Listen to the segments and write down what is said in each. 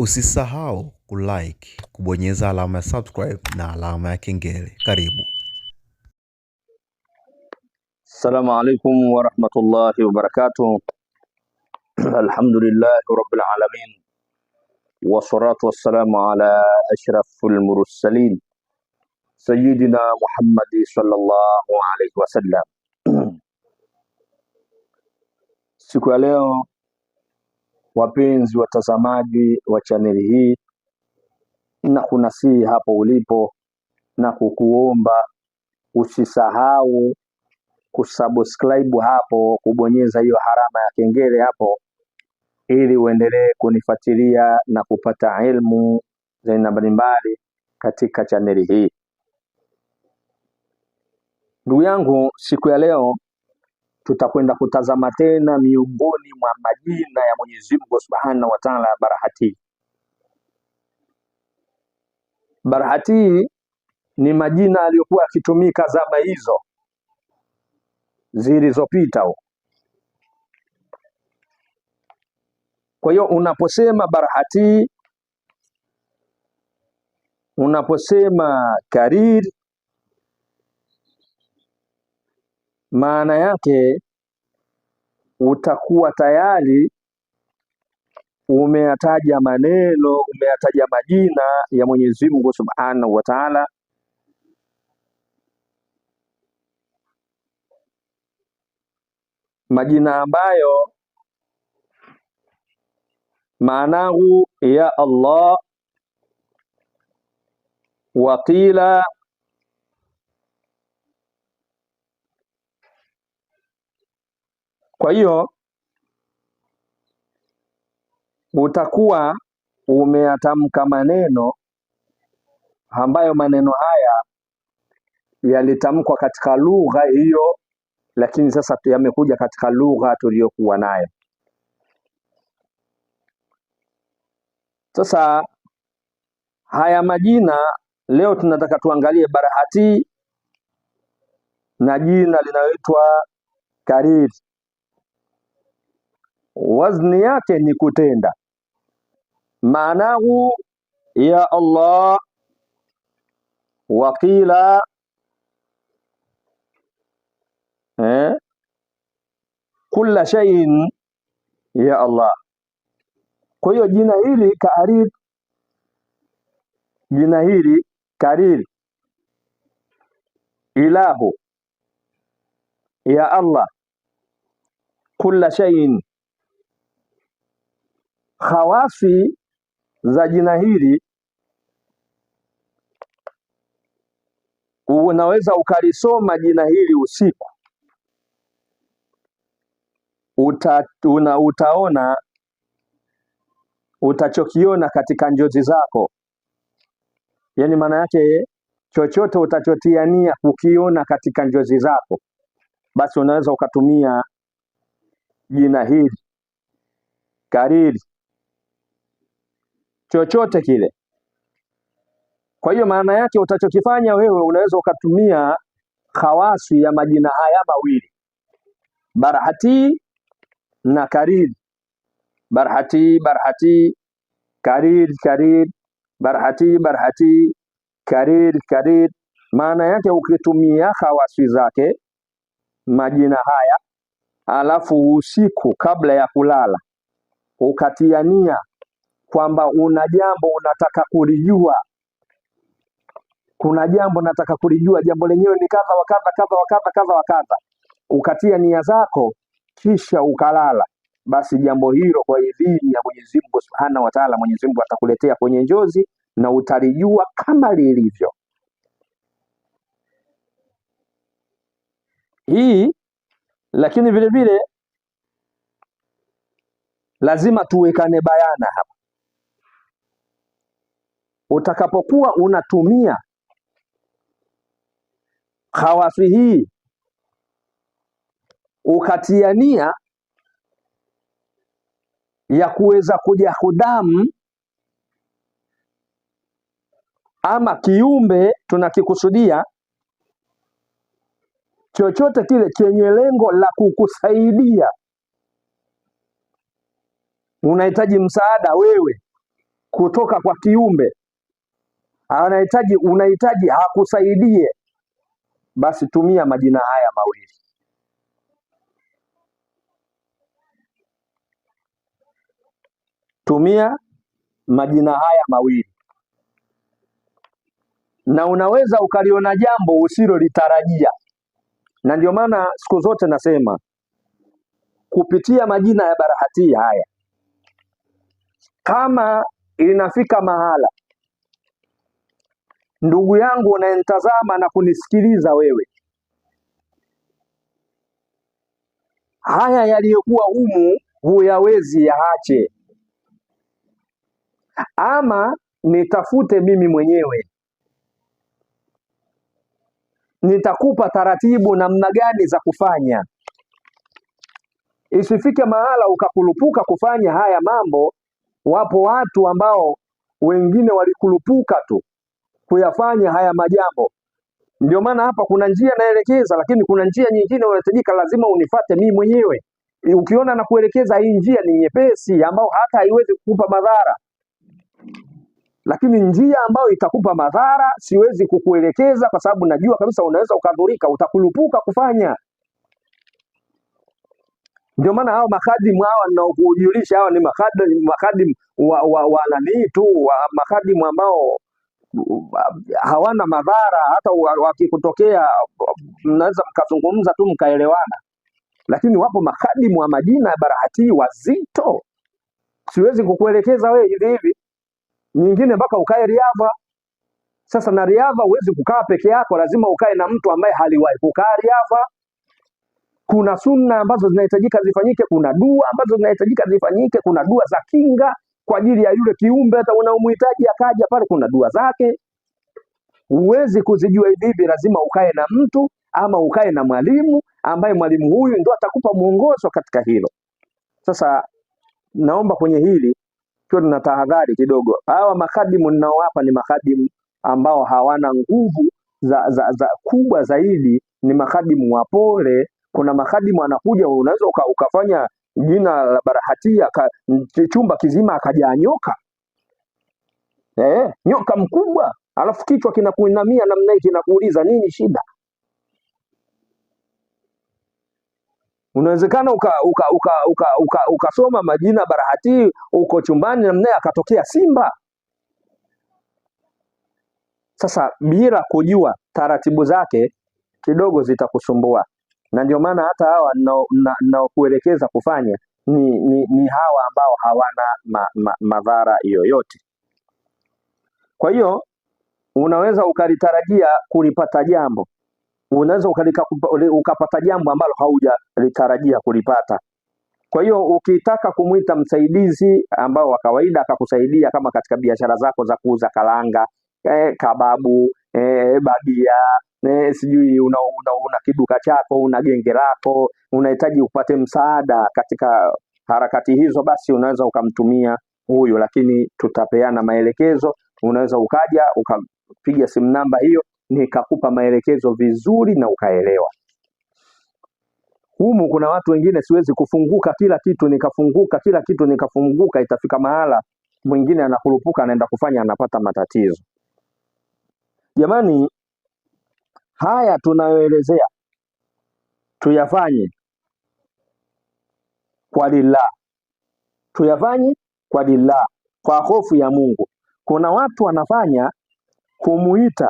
Usisahau kulike, kubonyeza alama ya subscribe na alama ya kengele. Karibu. Assalamu alaikum warahmatullahi wabarakatuh. Alhamdulillahi rabbil alamin wassalatu wassalamu ala ashrafil mursalin sayyidina Muhammadi sallallahu alaihi wasallam. Siku ya leo wapenzi watazamaji wa chaneli hii, na kunasihi hapo ulipo na kukuomba usisahau kusubscribe hapo, kubonyeza hiyo harama ya kengele hapo, ili uendelee kunifuatilia na kupata elimu za aina mbalimbali katika chaneli hii. Ndugu yangu, siku ya leo tutakwenda kutazama tena miongoni mwa majina ya Mwenyezi Mungu Subhanahu wa Ta'ala barahati. Barahati ni majina aliyokuwa akitumika zama hizo zilizopita. Kwa hiyo unaposema barahati, unaposema kariri maana yake utakuwa tayari umeyataja maneno, umeyataja majina ya Mwenyezi Mungu Subhanahu wa Ta'ala, majina ambayo maanahu ya Allah, waqila Kwa hiyo utakuwa umeyatamka maneno ambayo maneno haya yalitamkwa katika lugha hiyo, lakini sasa yamekuja katika lugha tuliyokuwa nayo. Sasa haya majina leo tunataka tuangalie barahati na jina linaloitwa Kariri wazni yake ni kutenda. Maanahu ya Allah, waqila eh, kulla shay'in ya Allah. Kwa hiyo jina hili kaariri, jina hili karir ilahu ya Allah, kulla shay'in khawasi za jina hili unaweza ukalisoma jina hili usiku uta, una, utaona utachokiona katika njozi zako, yaani maana yake chochote utachotiania ukiona kukiona katika njozi zako, basi unaweza ukatumia jina hili kariri chochote kile. Kwa hiyo maana yake utachokifanya wewe unaweza ukatumia khawasi ya majina haya mawili barhati na karir. Barhati barhati, karir karir, barhati barhati, karir karir. Maana yake ukitumia khawasi zake majina haya alafu usiku kabla ya kulala ukatiania kwamba una jambo unataka kulijua, kuna jambo nataka kulijua, jambo lenyewe ni kadha wa kadha kadha wa kadha kadha wa kadha, ukatia nia zako kisha ukalala, basi jambo hilo kwa idhini ya Mwenyezi Mungu Subhanahu wa Ta'ala, Mwenyezi Mungu atakuletea kwenye njozi na utalijua kama lilivyo. Hii lakini vile vile lazima tuwekane bayana hapa utakapokuwa unatumia khawasi hii ukatiania ya kuweza kuja hudamu ama kiumbe tunakikusudia chochote kile chenye lengo la kukusaidia, unahitaji msaada wewe kutoka kwa kiumbe anahitaji, unahitaji hakusaidie, basi tumia majina haya mawili. Tumia majina haya mawili, na unaweza ukaliona jambo usilolitarajia, na ndio maana siku zote nasema kupitia majina ya barahati haya, kama inafika mahala ndugu yangu unayenitazama na kunisikiliza wewe, haya yaliyokuwa humu huyawezi yaache, ama nitafute mimi mwenyewe. Nitakupa taratibu namna gani za kufanya, isifike mahala ukakulupuka kufanya haya mambo. Wapo watu ambao wengine walikulupuka tu kuyafanya haya majambo. Ndio maana hapa kuna njia naelekeza, lakini kuna njia nyingine unahitajika, lazima unifate mimi mwenyewe. Ukiona na kuelekeza hii njia ni nyepesi, ambayo hata haiwezi kukupa madhara, lakini njia ambayo itakupa madhara siwezi kukuelekeza, kwa sababu najua kabisa unaweza ukadhurika, utakulupuka kufanya. Ndio maana hao makadimu hawa ninaokujulisha hawa ni makadimu, wa, wa, wa nani tu wa makadimu ambao hawana madhara, hata wakikutokea mnaweza mkazungumza tu mkaelewana. Lakini wapo makadimu wa majina barahatii wazito, siwezi kukuelekeza wewe hivi hivi, nyingine mpaka ukae Riadha. Sasa na Riadha huwezi kukaa peke yako, lazima ukae na mtu ambaye haliwahi kukaa Riadha. Kuna sunna ambazo zinahitajika zifanyike, kuna dua ambazo zinahitajika zifanyike, kuna dua za kinga kwa ajili ya yule kiumbe hata unaomhitaji akaja pale, kuna dua zake. Huwezi kuzijua hivi, lazima ukae na mtu ama ukae na mwalimu ambaye mwalimu huyu ndo atakupa mwongozo katika hilo. Sasa naomba kwenye hili tuwe tuna tahadhari kidogo. Hawa makadimu ninaowapa ni makadimu ambao hawana nguvu za, za, za kubwa zaidi, ni makadimu wapole. Kuna makadimu anakuja, unaweza uka, ukafanya jina la Barahati, chumba kizima akajaa nyoka eh, nyoka mkubwa, alafu kichwa kinakuinamia namna hii, kinakuuliza nini shida? Unawezekana ukasoma uka, uka, uka, uka, ukasoma majina Barahati, uko chumbani namnaye, akatokea simba. Sasa bila kujua taratibu zake kidogo zitakusumbua na ndio maana hata hawa ninaokuelekeza kufanya ni, ni, ni hawa ambao hawana ma, ma, madhara yoyote. Kwa hiyo unaweza ukalitarajia kulipata jambo, unaweza ukapata jambo ambalo haujalitarajia kulipata. Kwa hiyo ukitaka kumwita msaidizi ambao wa kawaida akakusaidia kama katika biashara zako za kuuza kalanga, eh, kababu, eh, babia eh, sijui una, una, una kiduka chako una genge lako unahitaji upate msaada katika harakati hizo, basi unaweza ukamtumia huyu, lakini tutapeana maelekezo. Unaweza ukaja ukapiga simu namba hiyo nikakupa maelekezo vizuri na ukaelewa. Humu kuna watu wengine, siwezi kufunguka kila kitu nikafunguka kila kitu nikafunguka, itafika mahala mwingine anakurupuka, anaenda kufanya, anapata matatizo. Jamani, Haya tunayoelezea tuyafanye kwa lillah, tuyafanye kwa lillah, kwa hofu ya Mungu. Kuna watu wanafanya kumuita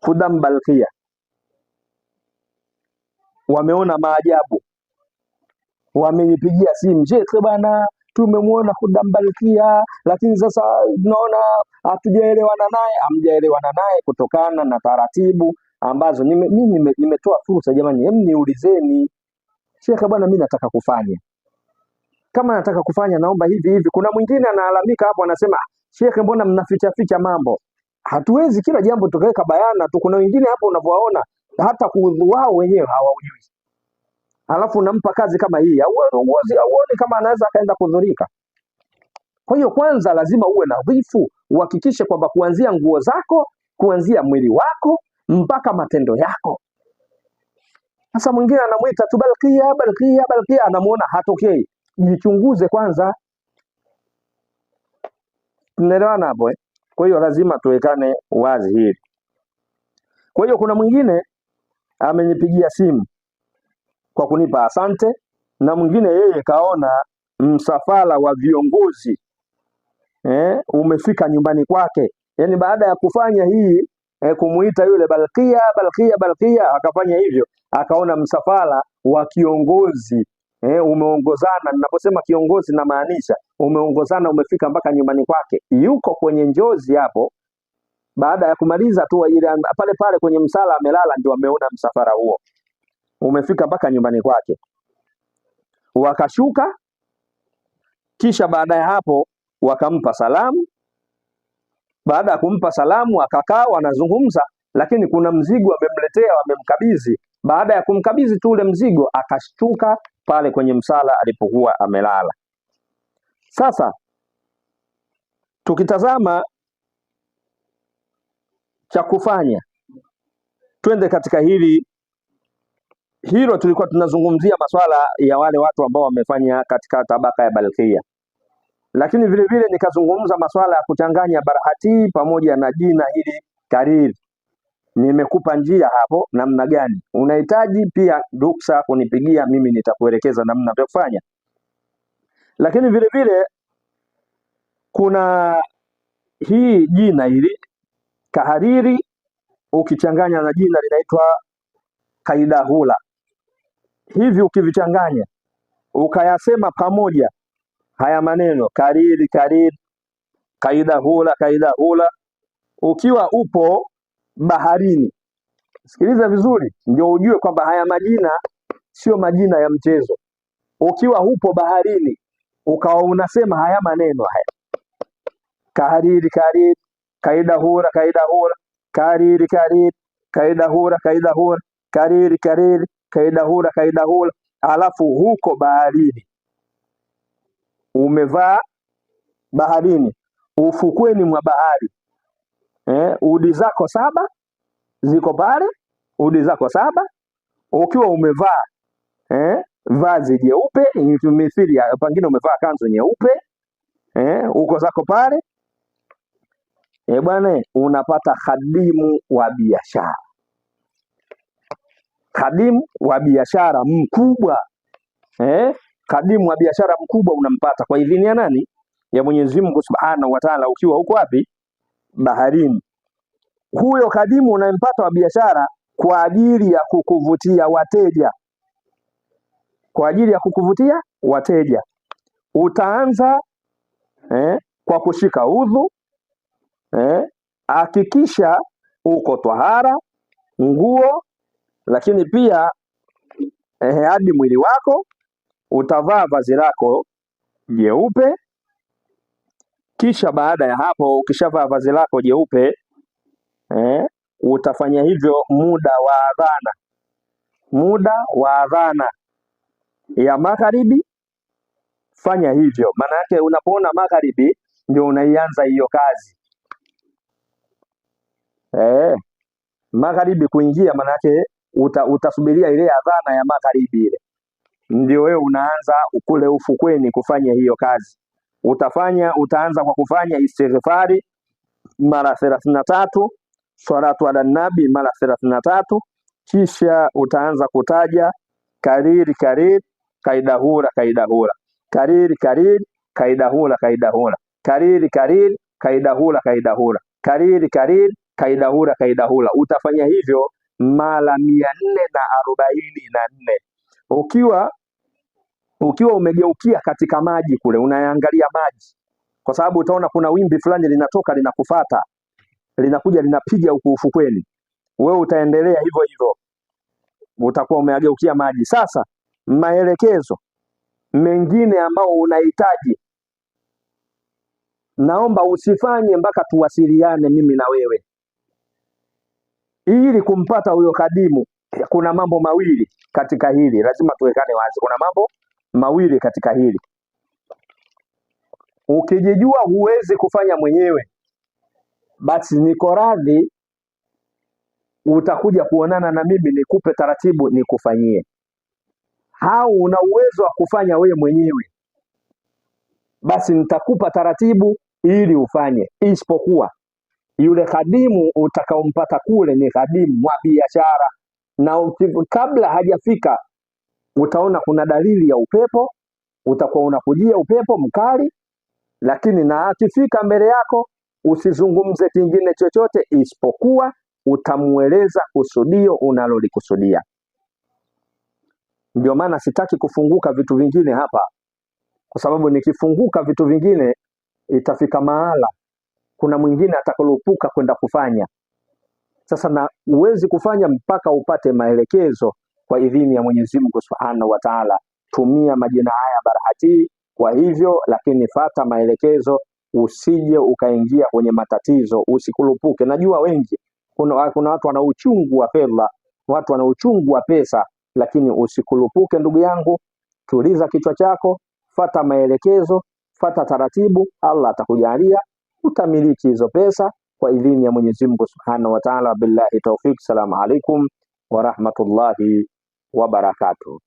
Khudam Balkia, wameona maajabu, wamenipigia simu, shekhe, bwana tumemwona Khudam Balkia, lakini sasa tunaona hatujaelewana naye. Hamjaelewana naye kutokana na taratibu ambazo nime, mi nime, nimetoa fursa jamani, hem niulizeni shekhe, bwana mi nataka kufanya kama nataka kufanya naomba hivi hivi. Kuna mwingine analalamika hapo, anasema shekhe, mbona mnaficha ficha mambo? Hatuwezi kila jambo tukaweka bayana tu. Kuna wengine hapo unavyowaona hata wao wenyewe hawaujui, alafu nampa kazi kama hii, au, auone kama anaweza akaenda kudhurika. Kwa hiyo kwanza lazima uwe nadhifu, uhakikishe kwamba kuanzia nguo zako, kuanzia mwili wako, mpaka matendo yako. Sasa mwingine anamwita tu Balkia, Balkia, Balkia, anamuona hatokei. Jichunguze kwanza, tunaelewana hapo eh? Kwa hiyo lazima tuwekane wazi hili. Kwa hiyo kuna mwingine amenipigia simu kwa kunipa asante, na mwingine yeye kaona msafara wa viongozi eh, umefika nyumbani kwake, yaani baada ya kufanya hii eh, kumuita yule Balkia, Balkia, Balkia. Akafanya hivyo, akaona msafara wa kiongozi eh, umeongozana. Ninaposema kiongozi namaanisha umeongozana, umefika mpaka nyumbani kwake, yuko kwenye njozi hapo. Baada ya kumaliza tu ile pale pale kwenye msala amelala, ndio ameona msafara huo umefika mpaka nyumbani kwake, wakashuka. Kisha baada ya hapo wakampa salamu baada ya kumpa salamu, akakaa wanazungumza, lakini kuna mzigo amemletea, amemkabidhi. Baada ya kumkabidhi tu ule mzigo, akashtuka pale kwenye msala alipokuwa amelala. Sasa tukitazama cha kufanya, twende katika hili hilo. Tulikuwa tunazungumzia masuala ya wale watu ambao wamefanya katika tabaka ya Balkia. Lakini vilevile nikazungumza masuala ya kuchanganya barahati pamoja na jina hili kariri. Nimekupa njia hapo namna gani. Unahitaji pia ruksa kunipigia mimi, nitakuelekeza namna ya kufanya. Lakini vilevile kuna hii jina hili kahariri ukichanganya na jina linaitwa kaidahula. Hivi ukivichanganya ukayasema pamoja haya maneno kariri kariri, kaida hula kaida hula. Ukiwa upo baharini, sikiliza vizuri, ndio ujue kwamba haya majina sio majina ya mchezo. Ukiwa upo baharini ukawa unasema haya maneno haya, kariri kariri, kaida hura kaida hura, kariri kariri, kaida hura kaida hura, kariri kariri, kaida hura kaida hura, alafu huko baharini umevaa baharini, ufukweni mwa bahari eh, udi zako saba ziko pale, udi zako saba ukiwa umevaa eh, vazi jeupe mithili, pengine umevaa kanzu nyeupe eh, uko zako pale eh, bwana, unapata khadimu wa biashara, khadimu wa biashara mkubwa eh, kadimu wa biashara mkubwa unampata kwa idhini ya nani? Ya Mwenyezi Mungu Subhanahu wa Ta'ala, ukiwa huko wapi? Baharini. Huyo kadimu unayempata wa biashara kwa ajili ya kukuvutia wateja, kwa ajili ya kukuvutia wateja utaanza eh, kwa kushika udhu eh, hakikisha uko twahara nguo, lakini pia eh, hadi mwili wako utavaa vazi lako jeupe. Kisha baada ya hapo ukishavaa vazi lako jeupe eh, utafanya hivyo muda wa adhana, muda wa adhana ya magharibi fanya hivyo. Maana yake unapoona magharibi ndio unaianza hiyo kazi eh, magharibi kuingia, maana yake uta, utasubiria ile adhana ya magharibi ile ndio wewe unaanza kule ufukweni kufanya hiyo kazi. Utafanya, utaanza kwa kufanya istighfari mara thelathini na tatu, salatu ala nabi mara thelathini na tatu, kisha utaanza kutaja kariri kariri kaidahura kaidahura kariri kariri kaidahura kaidahura kariri kariri kaidahura kaidahura kariri kariri kaidahura kaidahura. Utafanya hivyo mara mia nne na arobaini na nne. Ukiwa ukiwa umegeukia katika maji kule, unaangalia maji, kwa sababu utaona kuna wimbi fulani linatoka linakufata, linakuja linapiga huku ufukweni, wewe utaendelea hivyo hivyo, utakuwa umeageukia maji. Sasa maelekezo mengine ambao unahitaji, naomba usifanye mpaka tuwasiliane mimi na wewe, ili kumpata huyo kadimu kuna mambo mawili katika hili, lazima tuwekane wazi. Kuna mambo mawili katika hili. Ukijijua huwezi kufanya mwenyewe, basi niko radhi, utakuja kuonana na mimi nikupe taratibu nikufanyie. Au una uwezo wa kufanya we mwenyewe, basi nitakupa taratibu ili ufanye, isipokuwa yule khadimu utakaompata kule ni khadimu wa biashara na ukivu, kabla hajafika utaona kuna dalili ya upepo, utakuwa unakujia upepo mkali, lakini na akifika mbele yako usizungumze kingine chochote isipokuwa utamueleza kusudio unalolikusudia. Ndio maana sitaki kufunguka vitu vingine hapa, kwa sababu nikifunguka vitu vingine itafika mahala kuna mwingine atakalopuka kwenda kufanya. Sasa na huwezi kufanya mpaka upate maelekezo kwa idhini ya Mwenyezi Mungu Subhanahu wa Ta'ala. Tumia majina haya Barahati kwa hivyo, lakini fata maelekezo, usije ukaingia kwenye matatizo, usikulupuke Najua wengi kuna, kuna watu wana uchungu wa fedha, watu wana uchungu wa pesa, lakini usikulupuke ndugu yangu, tuliza kichwa chako, fata maelekezo, fata taratibu. Allah atakujalia utamiliki hizo pesa kwa idhini ya Mwenyezi Mungu Subhanahu wa Ta'ala. Billahi tawfik. Salamu alaikum wa rahmatullahi wa barakatuh.